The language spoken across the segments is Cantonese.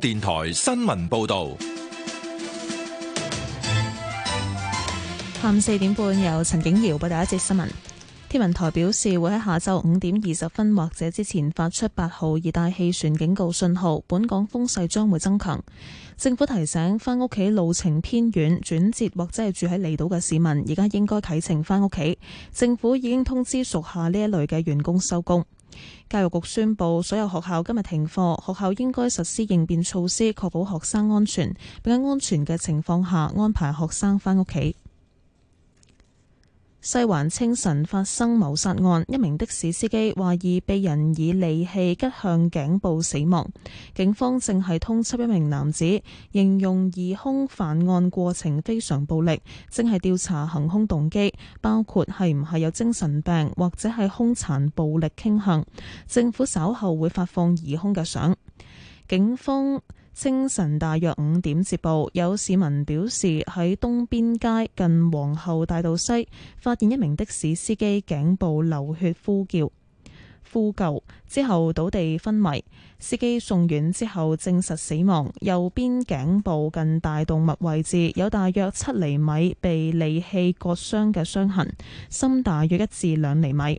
電台新聞報道，下午四點半由陳景瑤報第一節新聞。天文台表示會喺下晝五點二十分或者之前發出八號熱帶氣旋警告信號，本港風勢將會增強。政府提醒返屋企路程偏遠、轉折或者係住喺離島嘅市民，而家應該啟程返屋企。政府已經通知屬下呢一類嘅員工收工。教育局宣布，所有學校今日停課，學校應該實施應變措施，確保學生安全，並喺安全嘅情況下安排學生返屋企。西環清晨發生謀殺案，一名的士司機懷疑被人以利器拮向頸部死亡。警方正係通緝一名男子，形容疑兇犯案過程非常暴力，正係調查行兇動機，包括係唔係有精神病或者係兇殘暴力傾向。政府稍後會發放疑兇嘅相。警方。清晨大約五點接報，有市民表示喺東邊街近皇后大道西發現一名的士司機頸部流血，呼叫呼救，之後倒地昏迷。司機送院之後，證實死亡。右邊頸部近大動脈位置有大約七厘米被利器割傷嘅傷痕，深大約一至兩厘米。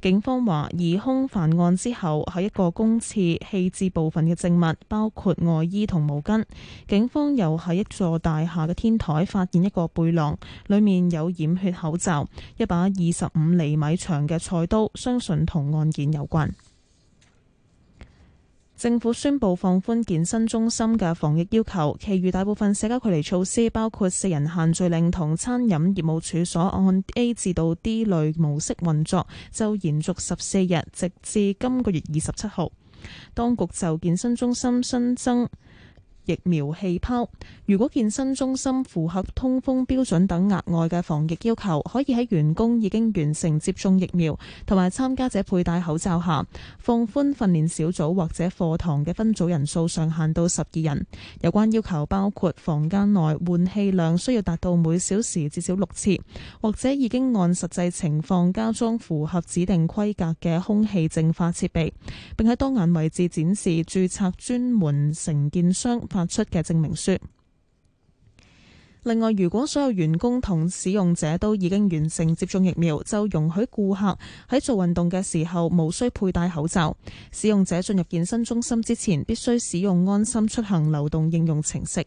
警方話疑凶犯案之後喺一個公廁棄置部分嘅證物，包括外衣同毛巾。警方又喺一座大廈嘅天台發現一個背囊，裏面有染血口罩、一把二十五厘米長嘅菜刀，相信同案件有關。政府宣佈放寬健身中心嘅防疫要求，其餘大部分社交距離措施，包括四人限聚令同餐飲業務處所按 A 至到 D 類模式運作，就延續十四日，直至今個月二十七號。當局就健身中心新增。疫苗氣泡，如果健身中心符合通風標準等額外嘅防疫要求，可以喺員工已經完成接種疫苗，同埋參加者佩戴口罩下，放寬訓練小組或者課堂嘅分組人數上限到十二人。有關要求包括房間內換氣量需要達到每小時至少六次，或者已經按實際情況加裝符合指定規格嘅空氣淨化設備，並喺多眼位置展示註冊專門承建商發出嘅證明書。另外，如果所有員工同使用者都已經完成接種疫苗，就容許顧客喺做運動嘅時候無需佩戴口罩。使用者進入健身中心之前，必須使用安心出行流動應用程式。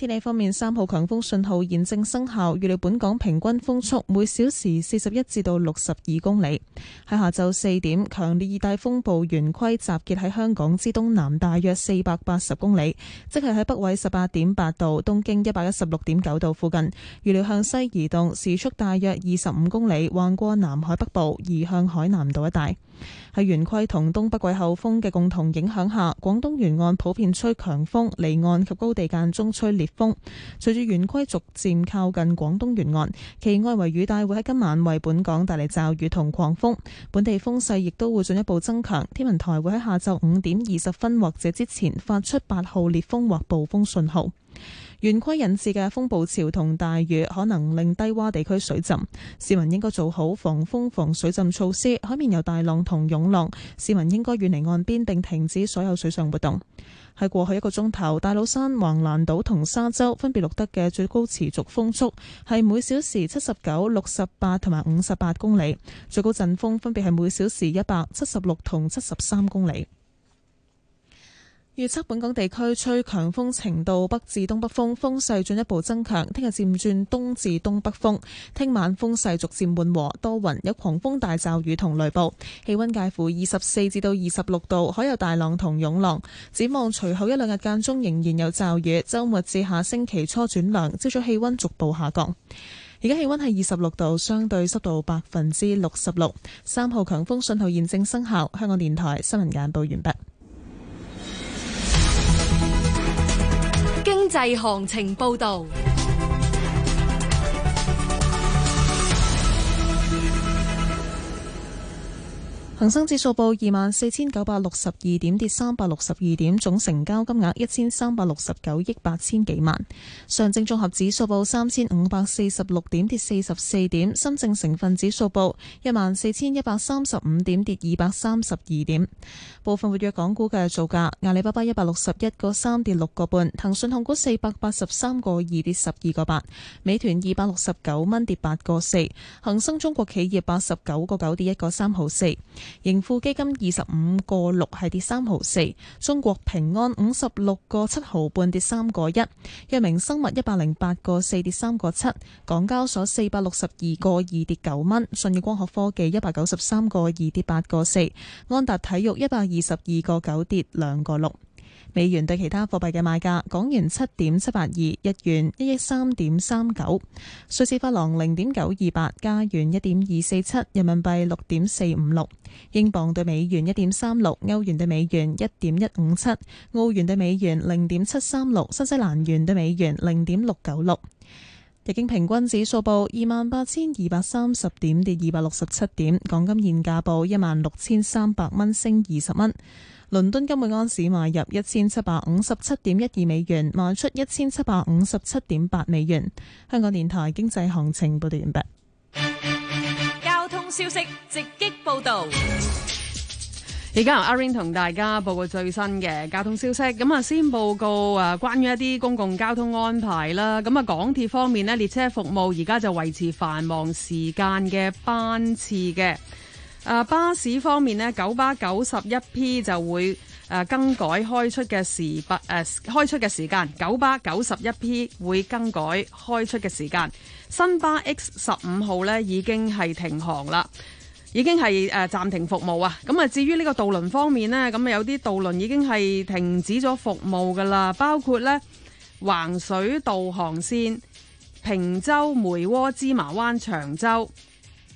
天氣方面，三號強風信號現正生效，預料本港平均風速每小時四十一至到六十二公里。喺下晝四點，強烈熱帶風暴圓規集結喺香港之東南大約四百八十公里，即係喺北緯十八點八度、東經一百一十六點九度附近。預料向西移動，時速大約二十五公里，橫過南海北部，移向海南島一帶。喺圓規同東北季候風嘅共同影響下，廣東沿岸普遍吹強風，離岸及高地間中吹烈。風隨住圓規逐漸靠近廣東沿岸，其外圍雨帶會喺今晚為本港帶嚟驟雨同狂風，本地風勢亦都會進一步增強。天文台會喺下晝五點二十分或者之前發出八號烈風或暴風信號。圓規引致嘅風暴潮同大雨可能令低窪地區水浸，市民應該做好防風防水浸措施。海面有大浪同湧浪，市民應該遠離岸邊並停止所有水上活動。喺過去一個鐘頭，大老山、橫瀾島、同沙洲分別錄得嘅最高持續風速係每小時七十九、六十八同埋五十八公里，最高陣風分別係每小時一百七十六同七十三公里。預測本港地區吹強風程度北至東北風，風勢進一步增強。聽日漸轉東至東北風，聽晚風勢逐漸緩和，多雲，有狂風大驟雨同雷暴，氣溫介乎二十四至到二十六度，海有大浪同湧浪。展望隨後一兩日間中仍然有驟雨，周末至下星期初轉涼，朝早氣溫逐步下降。而家氣溫係二十六度，相對濕度百分之六十六，三號強風信號現正生效。香港電台新聞簡報完畢。濟行情報道。恒生指數報二萬四千九百六十二點，跌三百六十二點，總成交金額一千三百六十九億八千幾萬。上證綜合指數報三千五百四十六點，跌四十四點。深證成分指數報一萬四千一百三十五點，跌二百三十二點。部分活躍港股嘅造價：阿里巴巴一百六十一個三跌六個半，騰訊控股四百八十三個二跌十二個八，美團二百六十九蚊跌八個四，恒生中國企業八十九個九跌一個三毫四。盈富基金二十五個六係跌三毫四，中國平安五十六個七毫半跌三個一，藥明生物一百零八個四跌三個七，港交所四百六十二個二跌九蚊，信義光學科技一百九十三個二跌八個四，安達體育一百二十二個九跌兩個六。美元對其他貨幣嘅賣價，港元七點七八二，日元一億三點三九，瑞士法郎零點九二八，加元一點二四七，人民幣六點四五六，英鎊對美元一點三六，歐元對美元一點一五七，澳元對美元零點七三六，新西蘭元對美元零點六九六。日經平均指數報二萬八千二百三十點，跌二百六十七點。港金現價報一萬六千三百蚊，升二十蚊。倫敦金每安士買入一千七百五十七點一二美元，賣出一千七百五十七點八美元。香港電台經濟行情報道完畢。交通消息直擊報道，而家由阿 Ring 同大家報告最新嘅交通消息。咁啊，先報告啊，關於一啲公共交通安排啦。咁啊，港鐵方面呢，列車服務而家就維持繁忙時間嘅班次嘅。巴士方面咧，九巴九十一 P 就會誒更改開出嘅時八誒、呃、開出嘅時間，九巴九十一 P 會更改開出嘅時間。新巴 X 十五號咧已經係停航啦，已經係誒暫停服務啊！咁啊，至於呢個渡輪方面咧，咁啊有啲渡輪已經係停止咗服務噶啦，包括咧橫水渡航線、平洲、梅窩、芝麻灣、長洲。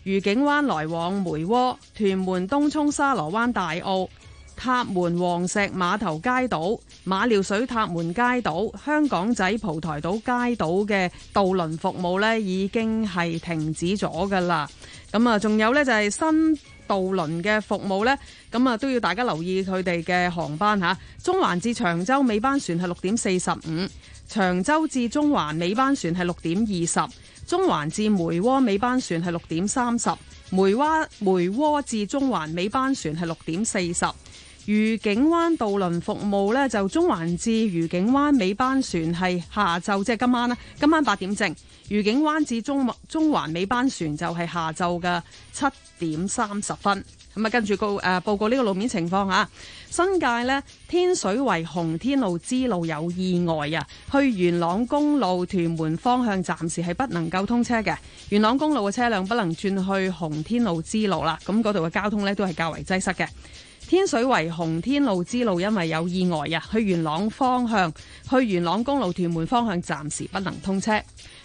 愉景灣來往梅窩、屯門東涌、沙螺灣、大澳、塔門、黃石碼頭、街渡、馬料水塔門、街渡、香港仔蒲台島、街渡嘅渡輪服務咧，已經係停止咗噶啦。咁啊，仲有呢，就係新渡輪嘅服務呢。咁啊都要大家留意佢哋嘅航班吓。中環至長洲尾班船係六點四十五，長洲至中環尾班船係六點二十。中環至梅窩尾班船係六點三十，梅窩梅窩至中環尾班船係六點四十。愉景灣渡輪服務呢，就中環至愉景灣尾班船係下晝，即係今晚啦，今晚八點正。愉景灣至中中環尾班船就係下晝嘅七點三十分。咁啊，跟住告誒、呃、報告呢個路面情況嚇、啊。新界咧，天水圍紅天路支路有意外啊，去元朗公路屯門方向暫時係不能夠通車嘅，元朗公路嘅車輛不能轉去紅天路支路啦。咁嗰度嘅交通咧都係較為擠塞嘅。天水圍紅天路支路因為有意外啊，去元朗方向、去元朗公路屯門方向暫時不能通車。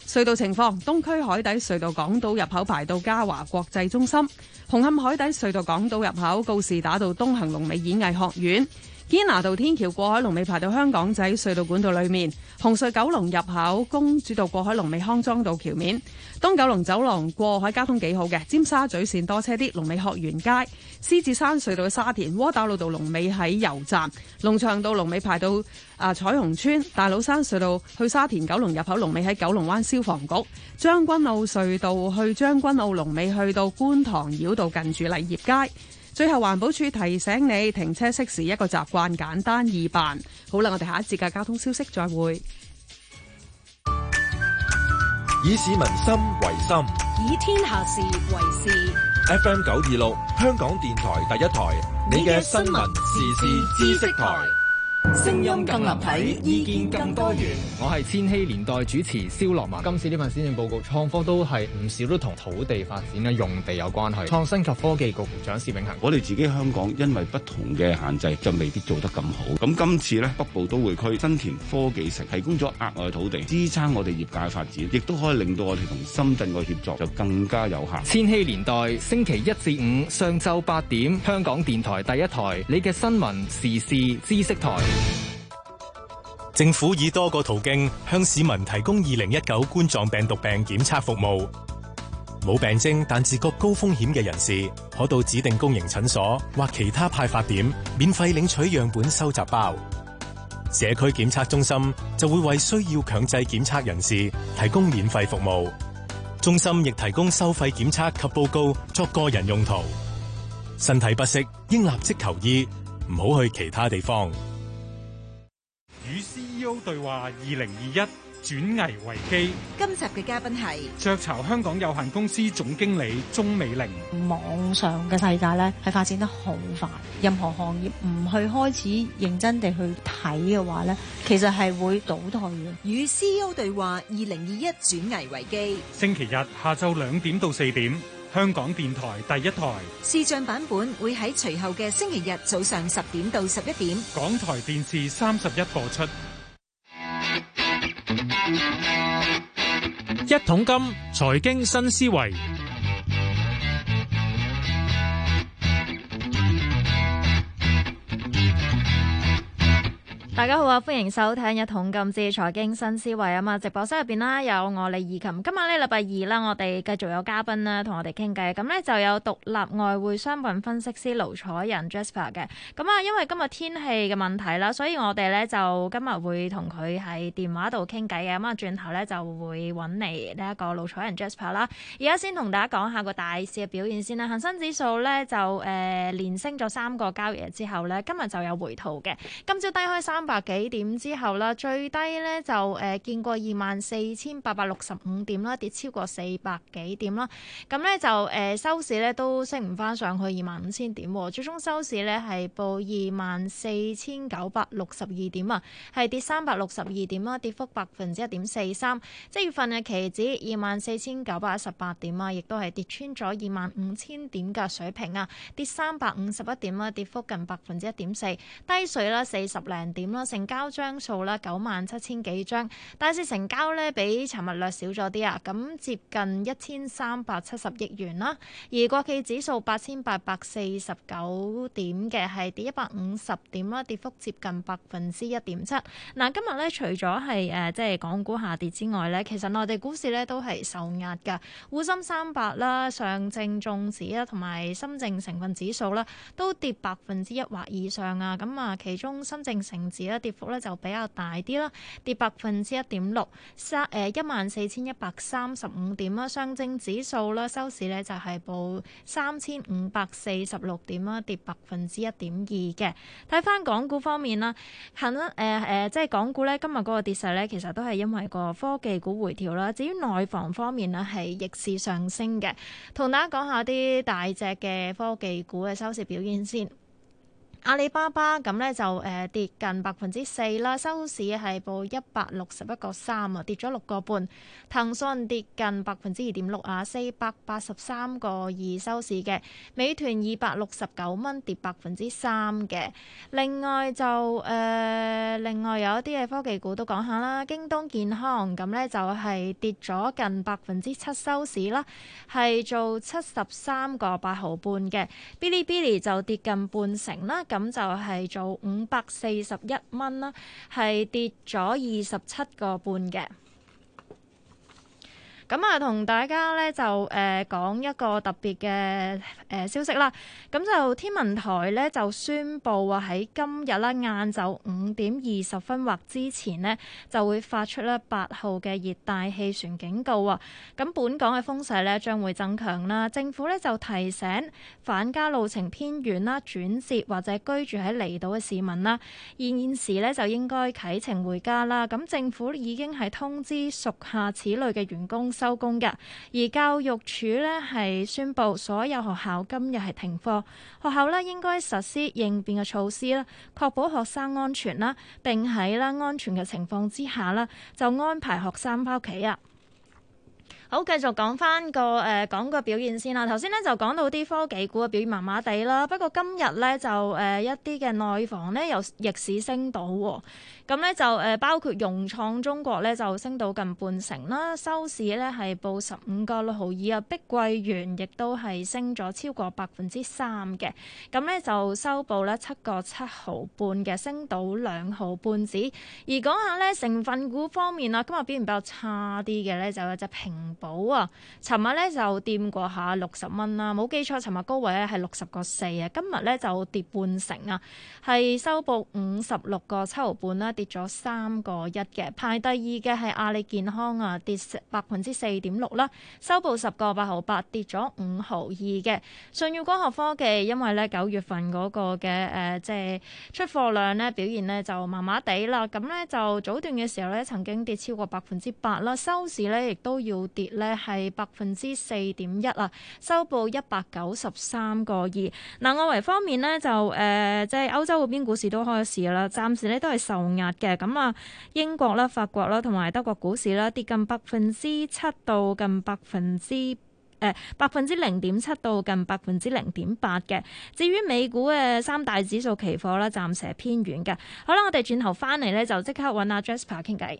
隧道情況：東區海底隧道港島入口排到嘉華國際中心，紅磡海底隧道港島入口告示打到東行龍尾演藝學院。堅拿道天橋過海龍尾排到香港仔隧道管道裏面，紅隧九龍入口公主道過海龍尾康莊道橋面，東九龍走廊過海交通幾好嘅，尖沙咀綫多車啲，龍尾學園街，獅子山隧道沙田窩打老道龍尾喺油站，龍翔道龍尾排到啊、呃、彩虹村，大老山隧道去沙田九龍入口龍尾喺九龍灣消防局，將軍澳隧道去將軍澳龍尾去到觀塘繞道近住麗業街。最後，環保署提醒你停車熄匙，一個習慣，簡單易辦。好啦，我哋下一節嘅交通消息再會。以市民心為心，以天下事為事。FM 九二六，香港電台第一台，你嘅新聞時事知識台。聲音更立體，意見更多元。我係千禧年代主持蕭樂文。今次呢份施政報告，創科都係唔少都同土地發展嘅用地有關係。創新及科技局局長施永恒，我哋自己香港因為不同嘅限制，就未必做得咁好。咁今次呢，北部都會區新田科技城，提供咗額外土地，支撐我哋業界發展，亦都可以令到我哋同深圳嘅協作就更加有效。千禧年代星期一至五上晝八點，香港電台第一台，你嘅新聞時事知識台。政府以多個途徑向市民提供二零一九冠狀病毒病檢測服務。冇病徵但自覺高風險嘅人士，可到指定公營診所或其他派發點免費領取樣本收集包。社區檢測中心就會為需要強制檢測人士提供免費服務。中心亦提供收費檢測及報告作個人用途。身體不適，應立即求醫，唔好去其他地方。與 CEO 對話二零二一，轉危為機，今集嘅嘉賓係雀巢香港有限公司總經理鍾美玲。網上嘅世界咧係發展得好快，任何行業唔去開始認真地去睇嘅話咧，其實係會倒退嘅。與 CEO 對話二零二一，轉危為機，星期日下晝兩點到四點。香港電台第一台視像版本會喺隨後嘅星期日早上十點到十一點，港台電視三十一播出《一桶金財經新思維》。大家好啊，歡迎收聽《一統禁志財經新思維》啊嘛，直播室入邊啦有我李怡琴，今日呢，禮拜二啦，我哋繼續有嘉賓啦同我哋傾偈。咁、嗯、呢，就有獨立外匯商品分析師盧楚仁 Jasper 嘅，咁、嗯、啊因為今日天，天氣嘅問題啦，所以我哋呢，就今日會同佢喺電話度傾偈嘅，咁啊轉頭咧就會揾嚟，呢一個盧楚仁 Jasper 啦，而、嗯、家先同大家講下個大市嘅表現先啦，恒生指數呢，就誒、呃、連升咗三個交易日之後呢，今日就有回吐嘅，今朝低開三。百幾點之後啦，最低呢就誒、呃、見過二萬四千八百六十五點啦，跌超過四百幾點啦。咁呢就誒、呃、收市呢都升唔翻上去二萬五千點，最終收市呢係報二萬四千九百六十二點啊，係跌三百六十二點啦，跌幅百分之一點四三。即月份嘅期指二萬四千九百一十八點啊，亦都係跌穿咗二萬五千點嘅水平啊，跌三百五十一點啦，跌幅近百分之一點四，低水啦四十零點啦。成交張數咧九萬七千幾張，大市成交咧比尋日略少咗啲啊，咁接近一千三百七十億元啦。而國企指數八千八百四十九點嘅，係跌一百五十點啦，跌幅接近百分之一點七。嗱，今日咧除咗係誒即係港股下跌之外咧，其實內地股市咧都係受壓嘅，滬深三百啦、上證綜指啦同埋深證成分指數啦，都跌百分之一或以上啊。咁啊，其中深證成。跌幅咧就比較大啲啦，跌百分之一點六，三誒一萬四千一百三十五點啦。上證指數啦，收市呢就係報三千五百四十六點啦，跌百分之一點二嘅。睇翻港股方面啦，近誒誒即係港股呢今日嗰個跌勢呢，其實都係因為個科技股回調啦。至於內房方面呢，係逆市上升嘅，同大家講下啲大隻嘅科技股嘅收市表現先。阿里巴巴咁咧就誒跌近百分之四啦，收市係報一百六十一個三啊，跌咗六個半。騰訊跌近百分之二點六啊，四百八十三個二收市嘅。美團二百六十九蚊，跌百分之三嘅。另外就誒、呃，另外有一啲嘅科技股都講下啦。京東健康咁咧就係跌咗近百分之七收市啦，係做七十三個八毫半嘅。Bilibili 就跌近半成啦。咁就係做五百四十一蚊啦，係跌咗二十七個半嘅。咁啊，同大家咧就誒講一個特別嘅誒消息啦。咁就天文台咧就宣布話喺今日咧晏晝五點二十分或之前咧就會發出咧八號嘅熱帶氣旋警告啊。咁本港嘅風勢咧將會增強啦。政府咧就提醒返家路程偏遠啦，轉折或者居住喺離島嘅市民啦，現時咧就應該啟程回家啦。咁政府已經係通知屬下此類嘅員工。收工㗎，而教育署呢，係宣布所有學校今日係停課，學校呢，應該實施應變嘅措施啦，確保學生安全啦，並喺啦安全嘅情況之下啦，就安排學生翻屋企啊。好，繼續講翻個誒講、呃、個表現先啦、啊。頭先咧就講到啲科技股嘅表現麻麻地啦，不過今日咧就誒、呃、一啲嘅內房咧又逆市升到、哦，咁、嗯、咧就誒、呃、包括融創中國咧就升到近半成啦，收市咧係報十五個六毫二啊，碧桂園亦都係升咗超過百分之三嘅，咁咧就收報咧七個七毫半嘅，升到兩毫半子。而講下咧成分股方面啊，今日表現比較差啲嘅咧就有隻平。保啊，尋日咧就掂過下六十蚊啦，冇記錯，尋日高位咧係六十個四啊。今日咧就跌半成啊，係收報五十六個七毫半啦，跌咗三個一嘅。排第二嘅係阿里健康啊，跌百分之四點六啦，收報十個八毫八，跌咗五毫二嘅。舜宇光學科技因為咧九月份嗰個嘅誒即係出貨量咧表現咧就麻麻地啦，咁咧就早段嘅時候咧曾經跌超過百分之八啦，收市咧亦都要跌。咧係百分之四點一啊，收報一百九十三個二。嗱、呃，外圍方面呢，就誒、呃，即係歐洲嗰邊股市都開始啦，暫時呢都係受壓嘅。咁、嗯、啊，英國啦、法國啦同埋德國股市啦，跌近百分之七到近百分之誒百分之零點七到近百分之零點八嘅。至於美股嘅三大指數期貨咧，暫時係偏軟嘅。好啦，我哋轉頭翻嚟呢，就即刻揾阿 Jasper 傾偈。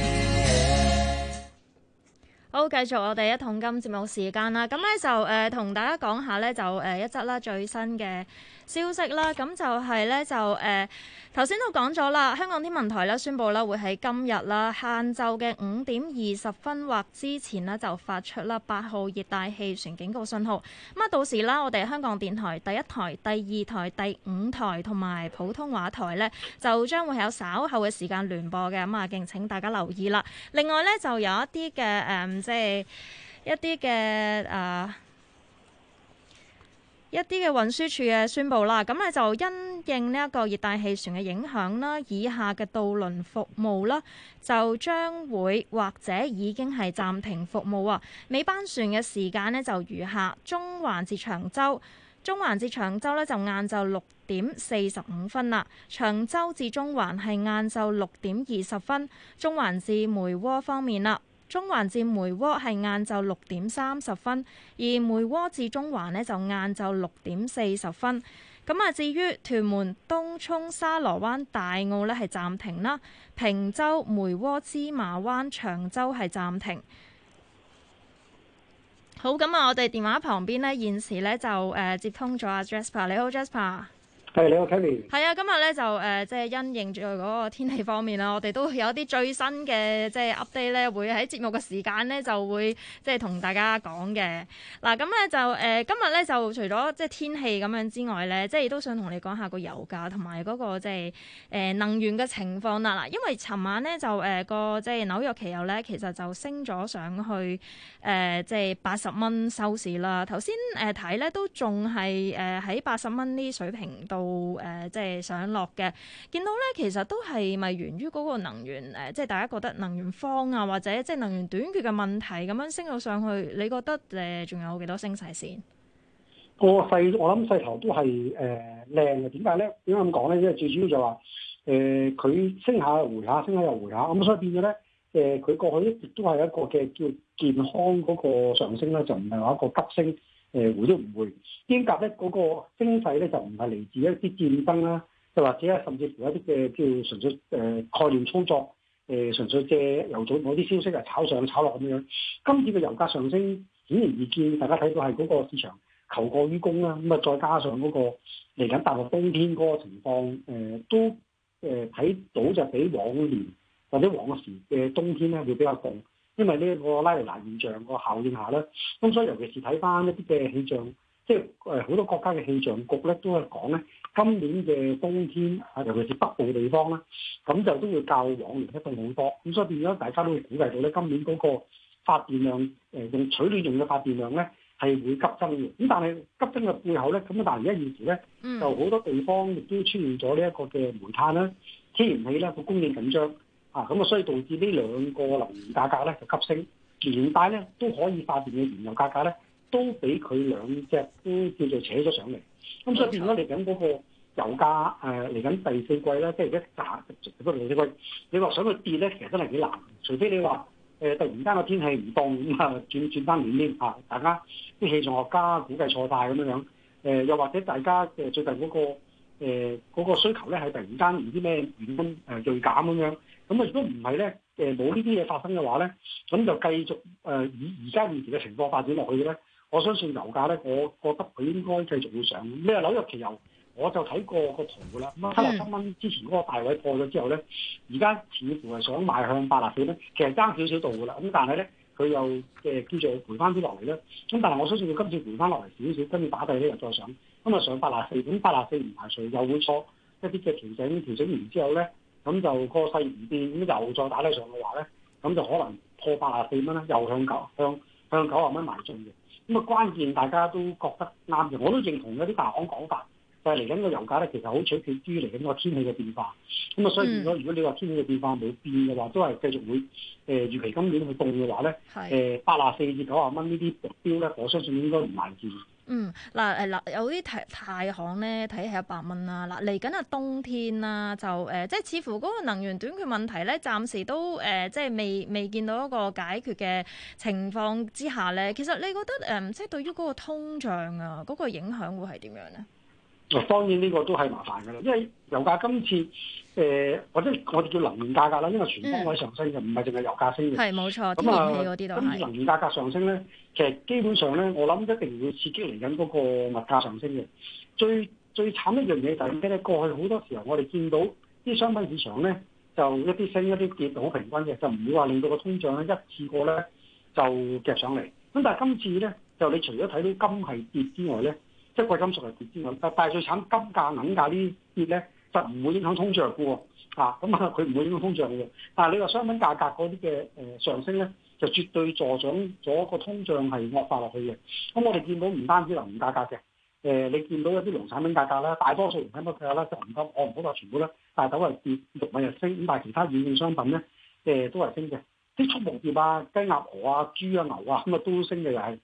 都繼續我哋一桶金節目時間啦。咁咧就誒，同、呃、大家講下咧就誒、呃、一則啦，最新嘅。消息啦，咁就係咧，就誒頭先都講咗啦，香港天文台咧宣布啦會喺今日啦，下晝嘅五點二十分或之前咧就發出啦八號熱帶氣旋警告信號，咁啊，到時啦，我哋香港電台第一台、第二台、第五台同埋普通話台咧，就將會有稍後嘅時間聯播嘅，咁啊，敬請大家留意啦。另外咧，就有一啲嘅誒即係一啲嘅誒。呃一啲嘅運輸處嘅宣佈啦，咁呢就因應呢一個熱帶氣旋嘅影響啦，以下嘅渡輪服務啦就將會或者已經係暫停服務啊。尾班船嘅時間呢，就如下：中環至長洲，中環至長洲呢，就晏晝六點四十五分啦；長洲至中環係晏晝六點二十分；中環至梅窩方面啦。中環至梅窩係晏晝六點三十分，而梅窩至中環呢就晏晝六點四十分。咁啊，至於屯門東涌沙螺灣大澳呢係暫停啦，坪洲、梅窩、芝麻灣、長洲係暫停。好，咁啊，我哋電話旁邊呢現時呢就誒接通咗阿 Jasper，你好 Jasper。Jas 係你好，Kimi。係啊，今日咧，就誒，即係因應住嗰個天氣方面啦，我哋都有啲最新嘅即係 update 咧，會喺節目嘅時間咧，就會即係同大家講嘅。嗱，咁咧就誒，今日咧就除咗即係天氣咁樣之外咧，即係都想同你講下個油價同埋嗰個即係誒能源嘅情況啦。嗱，因為尋晚咧就誒個即係紐約期油咧，其實就升咗上去誒，即係八十蚊收市啦。頭先誒睇咧都仲係誒喺八十蚊呢水平度。做誒、呃、即係上落嘅，見到咧其實都係咪源於嗰個能源誒、呃，即係大家覺得能源荒啊，或者即係能源短缺嘅問題咁樣升到上去。你覺得誒仲、呃、有幾多升勢先？個勢我諗勢頭都係誒靚嘅，點解咧？點解咁講咧？因為，為麼麼最主要就話誒佢升下又回下，升下又回下，咁所以變咗咧誒佢過去一直都係一個嘅叫健康嗰個上升咧，就唔係話一個急升。誒回都唔回，英格咧嗰個經濟咧就唔係嚟自一啲戰爭啦，又或者啊，甚至乎一啲嘅叫純粹誒、呃、概念操作，誒、呃、純粹借油早某啲消息啊炒上炒落咁樣。今次嘅油價上升顯然易見，大家睇到係嗰個市場求過於供啦。咁啊，再加上嗰、那個嚟緊踏入冬天嗰個情況，誒、呃、都誒睇到就比往年或者往時嘅冬天咧會比較凍，因為呢一個拉尼娜現象個效應下咧，咁所以尤其是睇返一啲嘅氣象，即係誒好多國家嘅氣象局咧都係講咧，今年嘅冬天啊，尤其是北部地方咧，咁就都會較往年凍好多。咁所以變咗大家都會估計到咧，今年嗰個發電量誒用取暖用嘅發電量咧係會急增嘅。咁但係急增嘅背後咧，咁但係而家現時咧，就好多地方亦都出現咗呢一個嘅煤炭啦、天然氣啦個供應緊張。啊，咁啊，所以導致呢兩個能源價格咧就急升，連帶咧都可以發電嘅原油價格咧都俾佢兩隻都叫做扯咗上嚟。咁所以變咗，嚟緊嗰個油價誒嚟緊第四季咧，即係一打直直不過第四季你話想去跌咧，其實真係幾難，除非你話誒、呃、突然間個天氣唔凍咁啊，轉轉翻暖添嚇，大家啲氣象學家估計錯曬咁樣樣誒、呃，又或者大家嘅最近嗰、嗰個誒、呃嗰個、需求咧係突然間唔知咩原因誒鋭減咁樣。咁啊！如果唔係咧，誒冇呢啲嘢發生嘅話咧，咁就繼續誒以而家目前嘅情況發展落去咧，我相信油價咧，我覺得佢應該繼續會上。你話紐約期油，我就睇過個圖㗎啦。七十七蚊之前嗰個大位破咗之後咧，而家似乎係想賣向八十四咧，其實爭少少度㗎啦。咁但係咧，佢又嘅叫做回翻啲落嚟啦。咁但係我相信，佢今次回翻落嚟少少，跟住打底咧又再上。咁啊，上八十四。咁八十四唔排除又會錯一啲嘅調整。調整完之後咧。咁就個勢唔變，咁又再打低上嘅話咧，咁就可能破八十四蚊啦，又向九向向九啊蚊邁進嘅。咁啊，關鍵大家都覺得啱嘅，我都認同一啲大行講法，就係嚟緊個油價咧，其實好取決於嚟緊個天氣嘅變化。咁啊，所以變咗，mm. 如果你話天氣嘅變化冇變嘅話，都係繼續會誒預、呃、期今年去凍嘅話咧，誒八啊四至九啊蚊呢啲目標咧，我相信應該唔難見。嗯，嗱誒嗱，有啲太太行咧睇係一百蚊啦。嗱，嚟緊啊冬天啦，就誒、呃、即係似乎嗰個能源短缺問題咧，暫時都誒、呃、即係未未見到一個解決嘅情況之下咧。其實你覺得誒、嗯、即係對於嗰個通脹啊，嗰、那個影響會係點樣咧？當然呢個都係麻煩㗎喇，因為油價今次誒，或、呃、者我哋叫能源價格啦，因為全方位上升、嗯、就唔係淨係油價升嘅。係冇錯，天然氣嗰啲那都係能源價格上升咧。其實基本上咧，我諗一定會刺激嚟緊嗰個物價上升嘅。最最慘一樣嘢就係點解咧，過去好多時候我哋見到啲商品市場咧，就一啲升一啲跌好平均嘅，就唔會話令到個通脹咧一次過咧就夾上嚟。咁但係今次咧，就你除咗睇到金係跌之外咧，即係貴金屬係跌之外，但係最慘金價銀價呢啲跌咧，就唔會影響通脹㗎喎。嚇、啊、咁，佢、嗯、唔會影響通脹㗎。但係你話商品價格嗰啲嘅誒上升咧？就絕對助長咗個通脹係惡化落去嘅。咁我哋見到唔單止能源價格嘅，誒、呃、你見到一啲農產品價格啦，大多數農產品價格啦，就唔、是、好我唔好話全部啦，大豆係跌，玉米又升，咁但係其他軟性商品咧，誒、呃、都係升嘅。啲畜牧業啊、雞、鴨、鵝啊、豬啊、牛啊，咁啊都升嘅又係。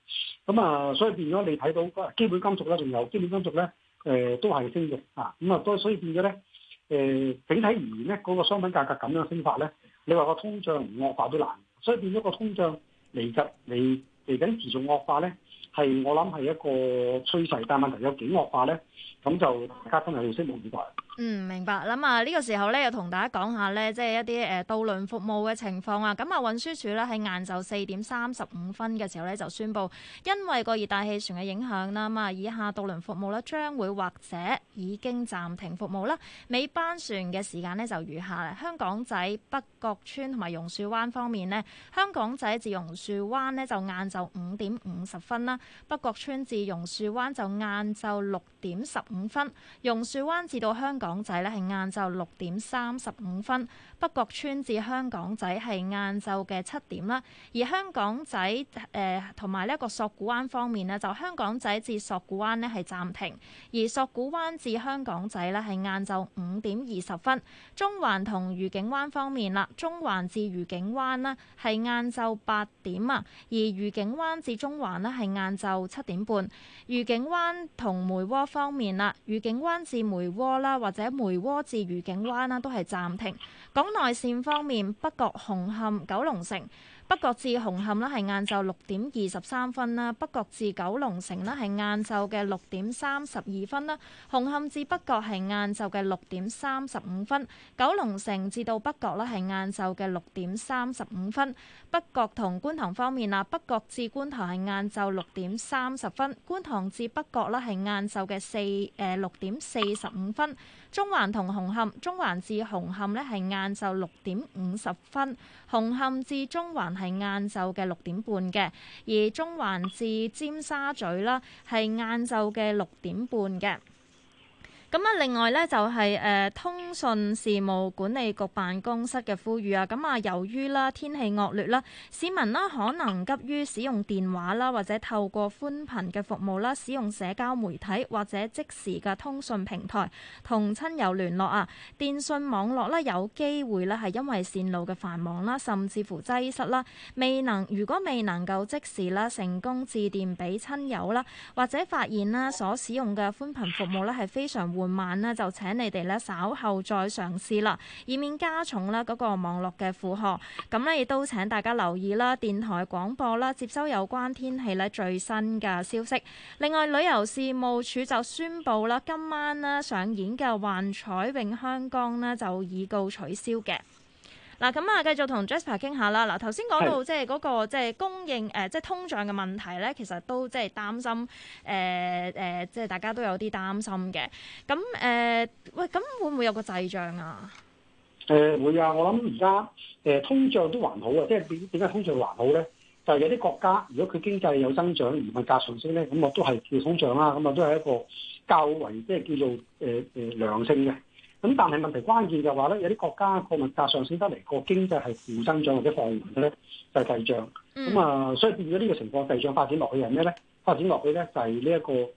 咁、呃、啊，所以變咗你睇到基本金屬啦，仲有基本金屬咧，誒都係升嘅。嚇，咁啊都所以變咗咧，誒整體而言咧，嗰、那個商品價格咁樣升法咧，你話個通脹唔惡化都難。所以變咗個通脹嚟急，嚟嚟緊持續惡化咧，係我諗係一個趨勢，但問題有幾惡化咧，咁就大家真係要拭目以待。嗯，明白。咁啊，呢個時候咧，又同大家講下咧，即係一啲誒渡輪服務嘅情況啊。咁啊，運輸署咧喺晏晝四點三十五分嘅時候咧，就宣布因為個熱帶氣旋嘅影響啦，咁啊，以下渡輪服務咧將會或者已經暫停服務啦。尾班船嘅時間咧就如下：香港仔、北角村同埋榕樹灣方面咧，香港仔至榕樹灣咧就晏晝五點五十分啦；北角村至榕樹灣就晏晝六點十五分；榕樹灣至到香港。港仔咧係晏晝六點三十五分。北角村至香港仔係晏晝嘅七點啦，而香港仔誒同埋呢一個索罟灣方面呢，就香港仔至索罟灣呢係暫停，而索罟灣至香港仔呢係晏晝五點二十分。中環同愉景灣方面啦，中環至愉景灣呢係晏晝八點啊，而愉景灣至中環呢係晏晝七點半。愉景灣同梅窩方面啦，愉景灣至梅窩啦或者梅窩至愉景灣啦都係暫停。內線方面，北角紅磡、九龍城、北角至紅磡啦，係晏晝六點二十三分啦；北角至九龍城啦，係晏晝嘅六點三十二分啦；紅磡至北角係晏晝嘅六點三十五分；九龍城至到北角啦，係晏晝嘅六點三十五分；北角同觀塘方面啦，北角至觀塘係晏晝六點三十分；觀塘至北角啦，係晏晝嘅四誒六點四十五分。中環同紅磡，中環至紅磡呢係晏晝六點五十分，紅磡至中環係晏晝嘅六點半嘅，而中環至尖沙咀啦係晏晝嘅六點半嘅。咁啊，另外咧就係誒通訊事務管理局辦公室嘅呼籲啊，咁啊由於啦天氣惡劣啦，市民啦可能急於使用電話啦，或者透過寬頻嘅服務啦，使用社交媒體或者即時嘅通訊平台同親友聯絡啊，電訊網絡咧有機會咧係因為線路嘅繁忙啦，甚至乎擠塞啦，未能如果未能夠即時啦成功致電俾親友啦，或者發現啦所使用嘅寬頻服務咧係非常。緩慢呢，就請你哋咧稍後再嘗試啦，以免加重咧嗰個網絡嘅負荷。咁呢，亦都請大家留意啦，電台廣播啦，接收有關天氣呢最新嘅消息。另外，旅遊事務處就宣布啦，今晚呢上演嘅《幻彩詠香江》呢，就已告取消嘅。嗱咁啊，繼續同 Jasper 傾下啦。嗱，頭先講到即係嗰個即係供應誒是、呃，即係通脹嘅問題咧，其實都即係擔心誒誒、呃呃，即係大家都有啲擔心嘅。咁誒、呃，喂，咁會唔會有個滯脹啊？誒、呃、會啊，我諗而家誒通脹都還好啊。即係點解通脹還好咧？就係、是、有啲國家如果佢經濟有增長而物價上升咧，咁我都係叫通脹啦。咁啊，都係一個較為即係、就是、叫做誒誒、呃呃、良性嘅。咁但係問題關鍵就話咧，有啲國家個物價上升得嚟，個經濟係負增長或者放緩咧，就係滯脹。咁啊、嗯，所以變咗呢個情況，滯脹發展落去係咩咧？發展落去咧就係呢一個誒誒、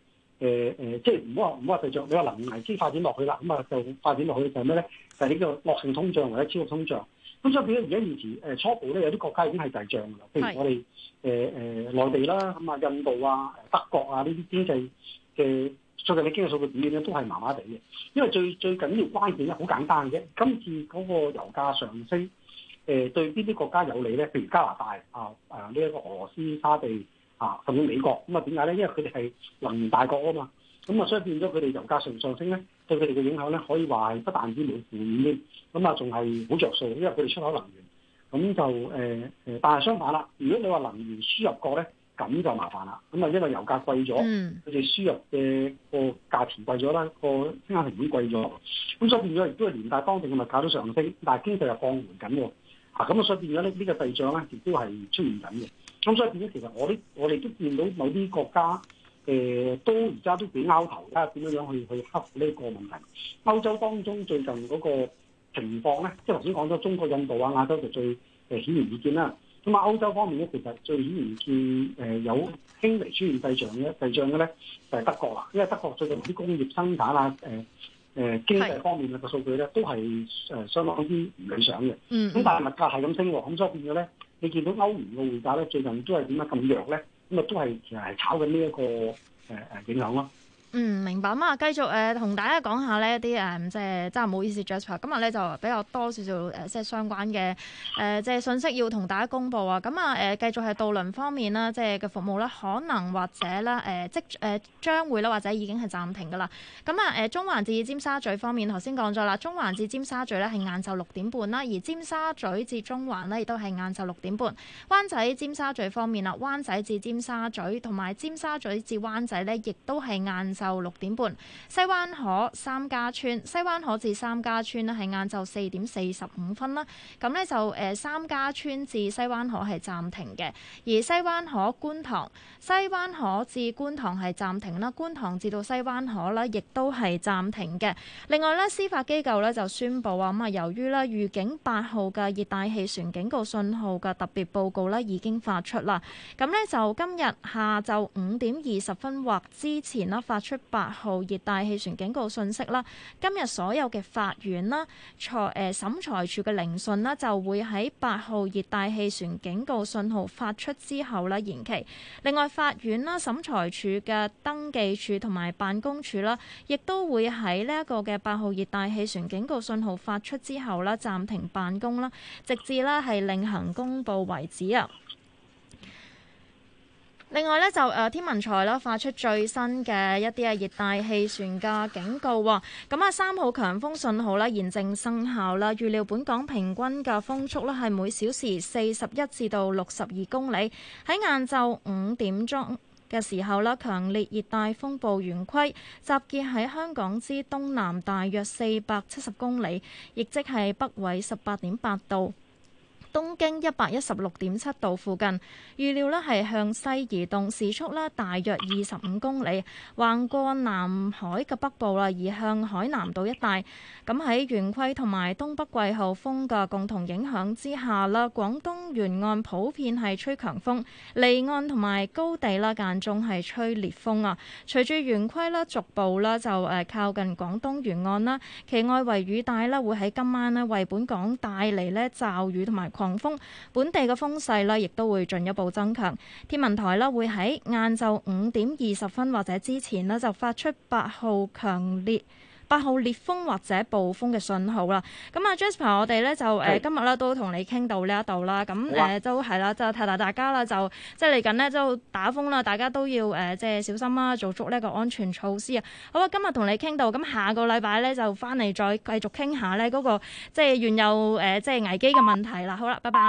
呃，即係唔好話唔好話滯脹，你話能危機發展落去啦，咁啊就發展落去就係咩咧？就係、是、呢個惡性通脹或者超通脹。咁所以變咗而家目前誒初步咧有啲國家已經係滯脹㗎，譬如我哋誒誒內地啦，咁啊印度啊、德國啊呢啲經濟嘅。最近嘅經濟數據表現咧都係麻麻地嘅，因為最最緊要關鍵咧好簡單嘅，今次嗰個油價上升，誒對邊啲國家有利咧？譬如加拿大啊、誒呢一個俄羅斯沙地啊，甚至美國，咁啊點解咧？因為佢哋係能源大國啊嘛，咁啊所以變咗佢哋油價上上升咧，對佢哋嘅影響咧可以話係不但止冇負面添，咁啊仲係好着數，因為佢哋出口能源，咁就誒誒、呃，但係相反啦，如果你話能源輸入國咧。咁就麻煩啦，咁啊，因為油價貴咗，佢哋、嗯、輸入嘅個價錢貴咗啦，個鮮奶成本貴咗，咁所以變咗亦都係連帶當地嘅物價都上升，但係經濟又放緩緊喎，咁啊，所以變咗呢呢個通脹咧，亦都係出現緊嘅。咁所以變咗，其實我啲我哋都見到某啲國家誒，呃、都而家都幾拗頭啦，點樣樣去去克服呢一個問題。歐洲當中最近嗰個情況咧，即係頭先講咗，中國、印度啊、亞洲就最誒顯然意見啦。咁啊，歐洲方面咧，其實最顯然見誒、呃、有輕微出現滯脹嘅，滯脹嘅咧就係、是、德國啦。因為德國最近啲工業生產啊、誒、呃、誒、呃、經濟方面嘅個數據咧，都係誒相當之唔理想嘅。咁是但係物價係咁升喎，咁所以變咗咧，你見到歐元嘅匯價咧，最近都係點解咁弱咧？咁啊都係其實係炒緊呢一個誒誒影響咯。嗯，明白咁啊嘛，繼續同、呃、大家講下呢一啲誒即係真係唔好意思，Jasper 今日咧就比較多少少誒即係相關嘅誒、呃、即係信息要同大家公佈啊。咁啊誒繼續係渡輪方面啦，即係嘅服務啦，可能或者咧誒即誒、呃、將會啦，或者已經係暫停㗎啦。咁啊誒中環至尖沙咀方面，頭先講咗啦，中環至尖沙咀咧係晏晝六點半啦，而尖沙咀至中環咧亦都係晏晝六點半。灣仔尖沙咀方面啦，灣仔至尖沙咀同埋尖沙咀至灣仔咧，亦都係晏，就六點半，西灣河三家村，西灣河至三家村呢係晏晝四點四十五分啦。咁呢就誒三家村至西灣河係暫停嘅，而西灣河觀塘，西灣河至觀塘係暫停啦，觀塘至到西灣河啦，亦都係暫停嘅。另外呢，司法機構呢就宣布啊，咁啊由於呢預警八號嘅熱帶氣旋警告信號嘅特別報告呢已經發出啦，咁呢，就今日下晝五點二十分或之前啦發出。出八號熱帶氣旋警告信息啦，今日所有嘅法院啦、裁誒、呃、審裁處嘅聆訊啦，就會喺八號熱帶氣旋警告信號發出之後啦延期。另外，法院啦、審裁處嘅登記處同埋辦公處啦，亦都會喺呢一個嘅八號熱帶氣旋警告信號發出之後啦，暫停辦公啦，直至呢係另行公布為止啊！另外咧就誒、呃、天文台啦發出最新嘅一啲啊熱帶氣旋嘅警告喎，咁啊三號強風信號啦，現正生效啦，預料本港平均嘅風速咧係每小時四十一至到六十二公里。喺晏晝五點鐘嘅時候啦，強烈熱帶風暴圓規集結喺香港之東南大約四百七十公里，亦即係北緯十八點八度。東經一百一十六點七度附近，預料呢係向西移動，時速呢大約二十五公里，橫過南海嘅北部啦，移向海南島一帶。咁喺圓規同埋東北季候風嘅共同影響之下啦，廣東沿岸普遍係吹強風，離岸同埋高地啦間中係吹烈風啊！隨住圓規啦逐步啦就誒靠近廣東沿岸啦，其外圍雨帶呢會喺今晚呢為本港帶嚟呢驟雨同埋。狂風，本地嘅風勢呢亦都會進一步增強。天文台呢會喺晏晝五點二十分或者之前呢就發出八號強烈。八號烈風或者暴風嘅信號啦，咁啊，Jasper，我哋咧就誒今日咧都同你傾到呢一度啦，咁誒都係啦，就提下、呃呃、大家啦，就即係嚟緊咧就打風啦，大家都要誒、呃、即係小心啦，做足呢個安全措施啊。好啦，今日同你傾到，咁下個禮拜咧就翻嚟再繼續傾下咧嗰、那個即係原油誒、呃、即係危機嘅問題啦。好啦，拜拜。